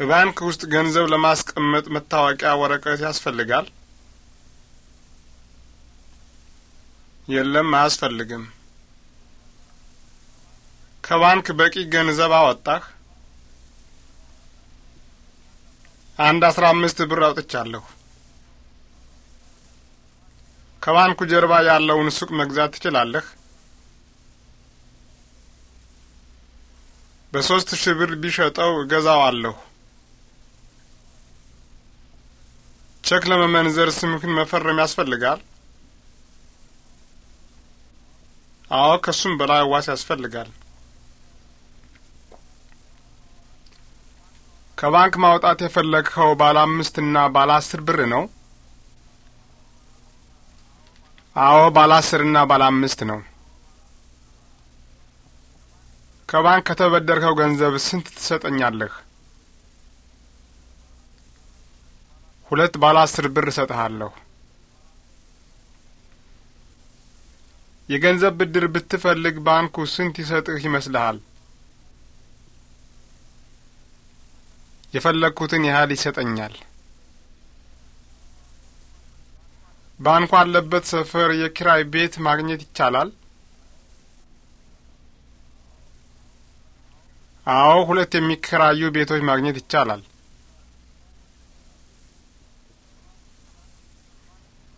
በባንክ ውስጥ ገንዘብ ለማስቀመጥ መታወቂያ ወረቀት ያስፈልጋል? የለም፣ አያስፈልግም። ከባንክ በቂ ገንዘብ አወጣህ? አንድ አስራ አምስት ብር አውጥቻለሁ። ከባንኩ ጀርባ ያለውን ሱቅ መግዛት ትችላለህ? በሶስት ሺህ ብር ቢሸጠው እገዛዋለሁ። ቼክ ለመመንዘር ስምክን መፈረም ያስፈልጋል? አዎ፣ ከሱም በላይ ዋስ ያስፈልጋል። ከባንክ ማውጣት የፈለግኸው ባለ አምስት እና ባለ አስር ብር ነው? አዎ፣ ባለ አስር እና ባለ አምስት ነው። ከባንክ ከተበደርከው ገንዘብ ስንት ትሰጠኛለህ? ሁለት ባለ አስር ብር እሰጥሃለሁ። የገንዘብ ብድር ብትፈልግ ባንኩ ስንት ይሰጥህ ይመስልሃል? የፈለግኩትን ያህል ይሰጠኛል። ባንኩ አለበት ሰፈር የኪራይ ቤት ማግኘት ይቻላል? አዎ፣ ሁለት የሚከራዩ ቤቶች ማግኘት ይቻላል።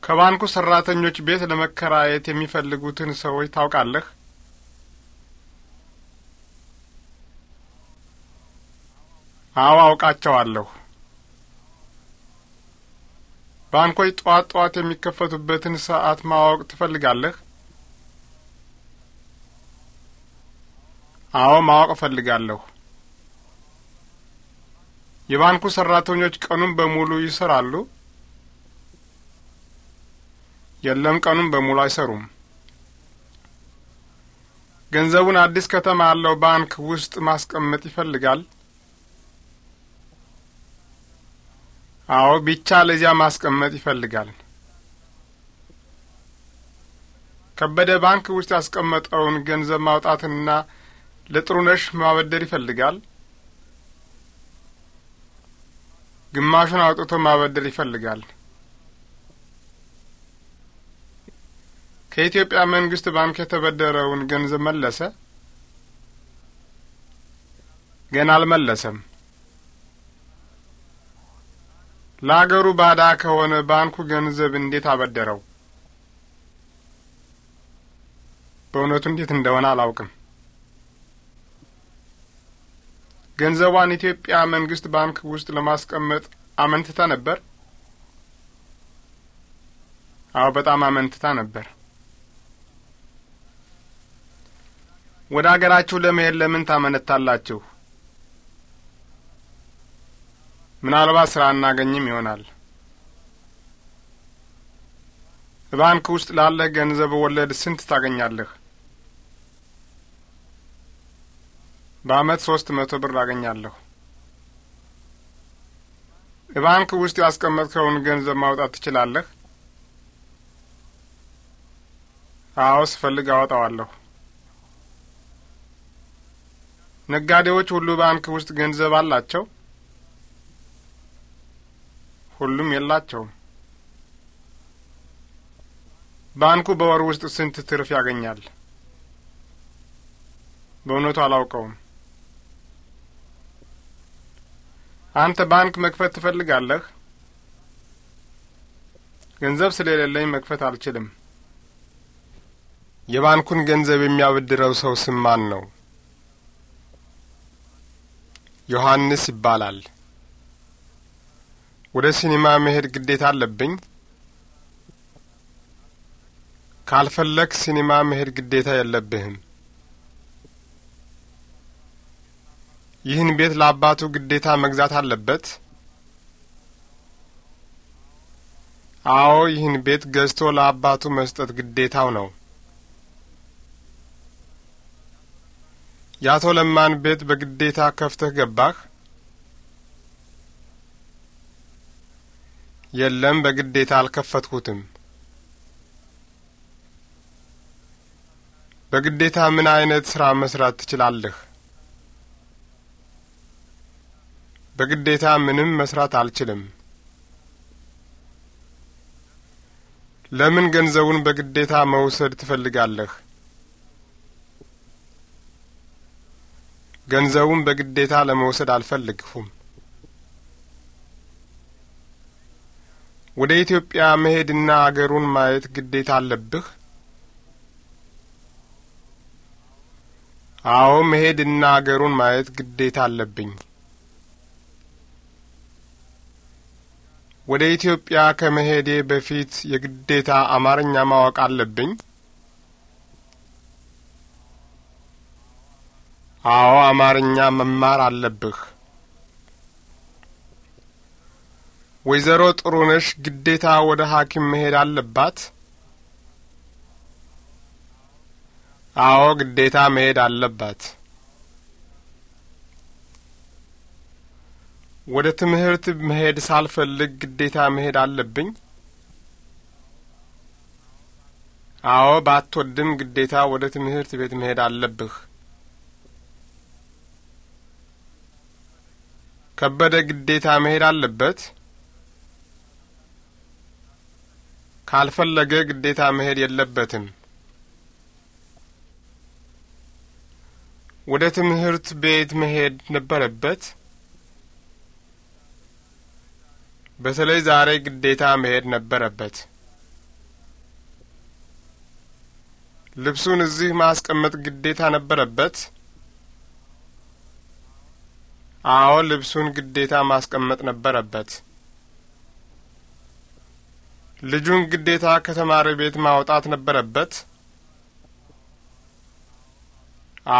ከባንኩ ሰራተኞች ቤት ለመከራየት የሚፈልጉትን ሰዎች ታውቃለህ? አዎ፣ አውቃቸዋለሁ። ባንኮች ጠዋት ጠዋት የሚከፈቱበትን ሰዓት ማወቅ ትፈልጋለህ? አዎ ማወቅ እፈልጋለሁ። የባንኩ ሰራተኞች ቀኑን በሙሉ ይሰራሉ? የለም፣ ቀኑን በሙሉ አይሰሩም። ገንዘቡን አዲስ ከተማ ያለው ባንክ ውስጥ ማስቀመጥ ይፈልጋል? አዎ፣ ብቻ ለዚያ ማስቀመጥ ይፈልጋል። ከበደ ባንክ ውስጥ ያስቀመጠውን ገንዘብ ማውጣትና ለጥሩነሽ ማበደር ይፈልጋል። ግማሹን አውጥቶ ማበደር ይፈልጋል። ከኢትዮጵያ መንግስት ባንክ የተበደረውን ገንዘብ መለሰ? ገና አልመለሰም። ለአገሩ ባዳ ከሆነ ባንኩ ገንዘብ እንዴት አበደረው? በእውነቱ እንዴት እንደሆነ አላውቅም። ገንዘቧን ኢትዮጵያ መንግስት ባንክ ውስጥ ለማስቀመጥ አመንትታ ነበር? አዎ፣ በጣም አመንትታ ነበር። ወደ አገራችሁ ለመሄድ ለምን ታመነታላችሁ? ምናልባት ስራ አናገኝም ይሆናል። ባንክ ውስጥ ላለህ ገንዘብ ወለድ ስንት ታገኛለህ? በአመት ሶስት መቶ ብር አገኛለሁ። ባንክ ውስጥ ያስቀመጥከውን ገንዘብ ማውጣት ትችላለህ? አዎ፣ ስፈልግ አወጣዋለሁ። ነጋዴዎች ሁሉ ባንክ ውስጥ ገንዘብ አላቸው? ሁሉም የላቸውም። ባንኩ በወር ውስጥ ስንት ትርፍ ያገኛል? በእውነቱ አላውቀውም። አንተ ባንክ መክፈት ትፈልጋለህ? ገንዘብ ስለሌለኝ መክፈት አልችልም። የባንኩን ገንዘብ የሚያበድረው ሰው ስም ማን ነው? ዮሐንስ ይባላል። ወደ ሲኒማ መሄድ ግዴታ አለብኝ? ካልፈለግ ሲኒማ መሄድ ግዴታ የለብህም። ይህን ቤት ለአባቱ ግዴታ መግዛት አለበት? አዎ፣ ይህን ቤት ገዝቶ ለአባቱ መስጠት ግዴታው ነው። የአቶ ለማን ቤት በግዴታ ከፍተህ ገባህ? የለም፣ በግዴታ አልከፈትኩትም። በግዴታ ምን አይነት ስራ መስራት ትችላለህ? በግዴታ ምንም መስራት አልችልም። ለምን ገንዘቡን በግዴታ መውሰድ ትፈልጋለህ? ገንዘቡን በግዴታ ለመውሰድ አልፈልግሁም። ወደ ኢትዮጵያ መሄድና አገሩን ማየት ግዴታ አለብህ? አዎ፣ መሄድና አገሩን ማየት ግዴታ አለብኝ። ወደ ኢትዮጵያ ከመሄዴ በፊት የግዴታ አማርኛ ማወቅ አለብኝ? አዎ፣ አማርኛ መማር አለብህ። ወይዘሮ ጥሩነሽ ግዴታ ወደ ሐኪም መሄድ አለባት? አዎ፣ ግዴታ መሄድ አለባት። ወደ ትምህርት መሄድ ሳልፈልግ ግዴታ መሄድ አለብኝ? አዎ፣ ባትወድም ግዴታ ወደ ትምህርት ቤት መሄድ አለብህ። ከበደ ግዴታ መሄድ አለበት? ካልፈለገ ግዴታ መሄድ የለበትም። ወደ ትምህርት ቤት መሄድ ነበረበት? በተለይ ዛሬ ግዴታ መሄድ ነበረበት። ልብሱን እዚህ ማስቀመጥ ግዴታ ነበረበት። አዎ፣ ልብሱን ግዴታ ማስቀመጥ ነበረበት። ልጁን ግዴታ ከተማሪ ቤት ማውጣት ነበረበት።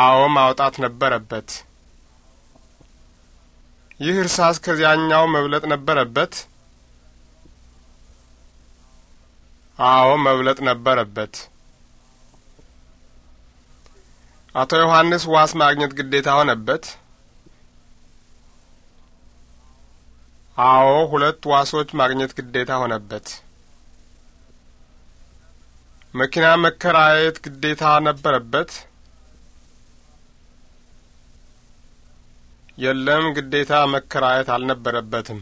አዎ፣ ማውጣት ነበረበት። ይህ እርሳስ ከዚያኛው መብለጥ ነበረበት። አዎ መብለጥ ነበረበት። አቶ ዮሐንስ ዋስ ማግኘት ግዴታ ሆነበት። አዎ ሁለት ዋሶች ማግኘት ግዴታ ሆነበት። መኪና መከራየት ግዴታ ነበረበት። የለም ግዴታ መከራየት አልነበረበትም።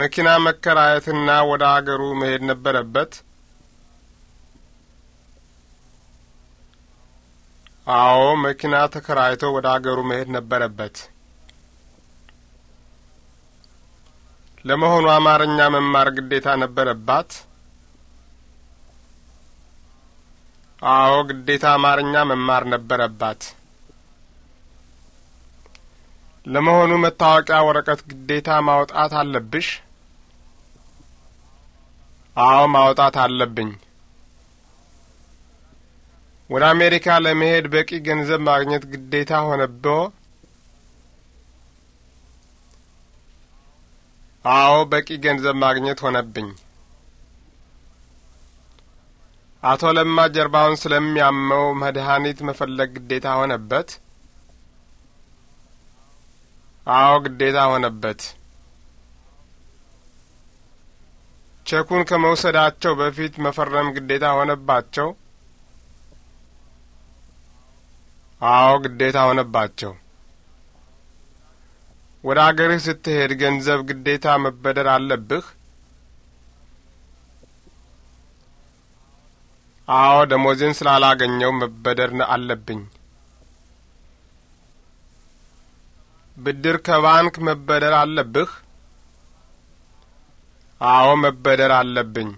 መኪና መከራየትና ወደ አገሩ መሄድ ነበረበት? አዎ፣ መኪና ተከራይቶ ወደ አገሩ መሄድ ነበረበት። ለመሆኑ አማርኛ መማር ግዴታ ነበረባት? አዎ፣ ግዴታ አማርኛ መማር ነበረባት። ለመሆኑ መታወቂያ ወረቀት ግዴታ ማውጣት አለብሽ? አዎ ማውጣት አለብኝ። ወደ አሜሪካ ለመሄድ በቂ ገንዘብ ማግኘት ግዴታ ሆነበ? አዎ በቂ ገንዘብ ማግኘት ሆነብኝ። አቶ ለማ ጀርባውን ስለሚያመው መድኃኒት መፈለግ ግዴታ ሆነበት? አዎ ግዴታ ሆነበት። ቼኩን ከመውሰዳቸው በፊት መፈረም ግዴታ ሆነባቸው? አዎ ግዴታ ሆነባቸው። ወደ አገርህ ስትሄድ ገንዘብ ግዴታ መበደር አለብህ? አዎ ደሞዜን ስላላገኘው መበደር አለብኝ። ብድር ከባንክ መበደር አለብህ? አዎ መበደር አለብኝ።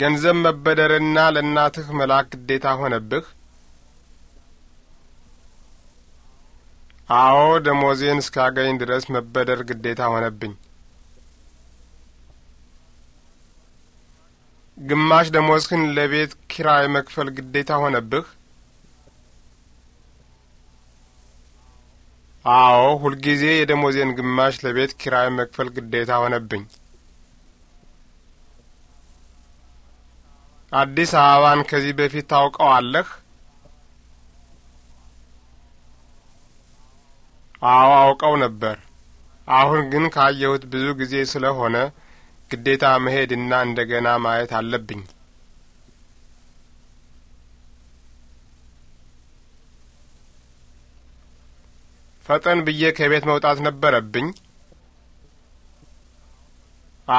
ገንዘብ መበደርና ለእናትህ መላክ ግዴታ ሆነብህ? አዎ ደሞዜን እስካገኝ ድረስ መበደር ግዴታ ሆነብኝ። ግማሽ ደሞዝህን ለቤት ኪራይ መክፈል ግዴታ ሆነብህ? አዎ፣ ሁልጊዜ የደሞዜን ግማሽ ለቤት ኪራይ መክፈል ግዴታ ሆነብኝ። አዲስ አበባን ከዚህ በፊት ታውቀዋለህ? አዎ፣ አውቀው ነበር። አሁን ግን ካየሁት ብዙ ጊዜ ስለሆነ ግዴታ መሄድና እንደገና ማየት አለብኝ። ፈጠን ብዬ ከቤት መውጣት ነበረብኝ።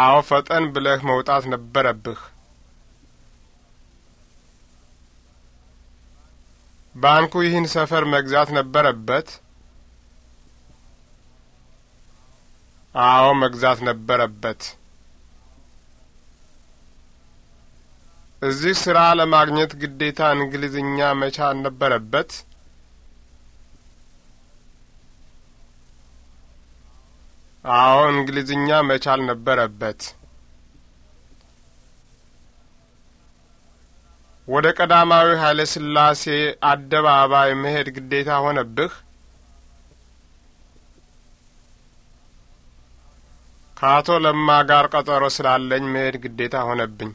አዎ ፈጠን ብለህ መውጣት ነበረብህ። ባንኩ ይህን ሰፈር መግዛት ነበረበት። አዎ መግዛት ነበረበት። እዚህ ስራ ለማግኘት ግዴታ እንግሊዝኛ መቻል ነበረበት። አዎ እንግሊዝኛ መቻል ነበረበት። ወደ ቀዳማዊ ኃይለ ሥላሴ አደባባይ መሄድ ግዴታ ሆነብህ? ከአቶ ለማ ጋር ቀጠሮ ስላለኝ መሄድ ግዴታ ሆነብኝ።